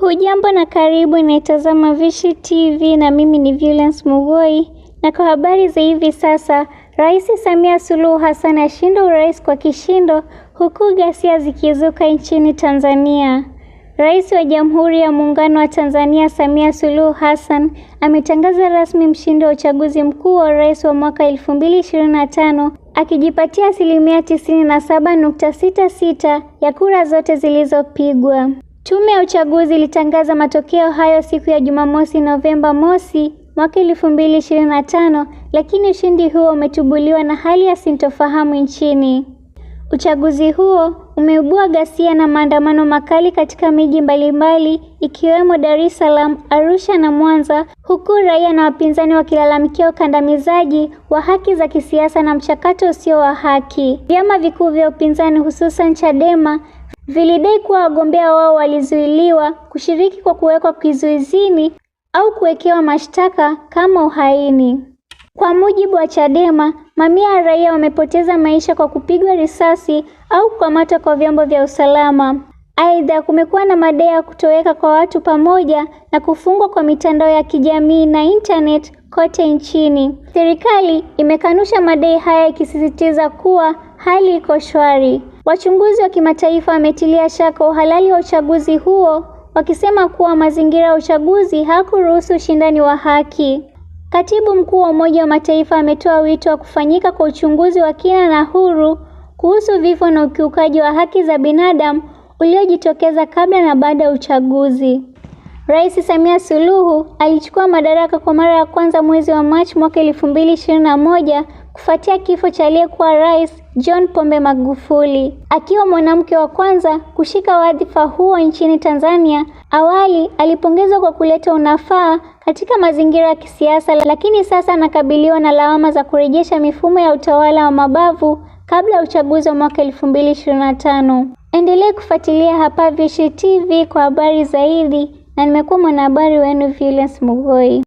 Hujambo na karibu inaitazama Veushly TV na mimi ni Violence Mugoi, na kwa habari za hivi sasa, Rais Samia Suluhu Hassan ashinda urais kwa kishindo huku ghasia zikizuka nchini Tanzania. Rais wa Jamhuri ya Muungano wa Tanzania Samia Suluhu Hassan ametangaza rasmi mshindi wa uchaguzi mkuu wa urais wa mwaka 2025 akijipatia asilimia 97.66 ya kura zote zilizopigwa. Tume ya uchaguzi ilitangaza matokeo hayo siku ya Jumamosi Novemba mosi mwaka 2025, lakini ushindi huo umetubuliwa na hali ya sintofahamu nchini. Uchaguzi huo umeibua ghasia na maandamano makali katika miji mbalimbali ikiwemo Dar es Salaam, Arusha na Mwanza, huku raia na wapinzani wakilalamikia ukandamizaji wa haki za kisiasa na mchakato usio wa haki. Vyama vikuu vya upinzani hususan Chadema vilidai kuwa wagombea wao walizuiliwa kushiriki kwa kuwekwa kizuizini au kuwekewa mashtaka kama uhaini. Kwa mujibu wa Chadema, Mamia ya raia wamepoteza maisha kwa kupigwa risasi au kukamatwa kwa vyombo vya usalama. Aidha, kumekuwa na madai ya kutoweka kwa watu pamoja na kufungwa kwa mitandao ya kijamii na internet kote nchini. Serikali imekanusha madai haya ikisisitiza kuwa hali iko shwari. Wachunguzi wa kimataifa wametilia shaka uhalali wa uchaguzi huo wakisema kuwa mazingira ya uchaguzi hakuruhusu ushindani wa haki. Katibu Mkuu wa Umoja wa Mataifa ametoa wito wa kufanyika kwa uchunguzi wa kina na huru kuhusu vifo na ukiukaji wa haki za binadamu uliojitokeza kabla na baada ya uchaguzi. Rais Samia Suluhu alichukua madaraka kwa mara ya kwanza mwezi wa Machi mwaka moja kufuatia kifo cha aliyekuwa Rais John Pombe Magufuli, akiwa mwanamke wa kwanza kushika wadhifa huo nchini Tanzania. Awali alipongezwa kwa kuleta unafaa katika mazingira ya kisiasa, lakini sasa anakabiliwa na lawama za kurejesha mifumo ya utawala wa mabavu kabla ya uchaguzi wa mwaka 2025. Endelee kufuatilia hapa Veushly TV kwa habari zaidi na nimekuwa mwanahabari wenu Violence Mugoi.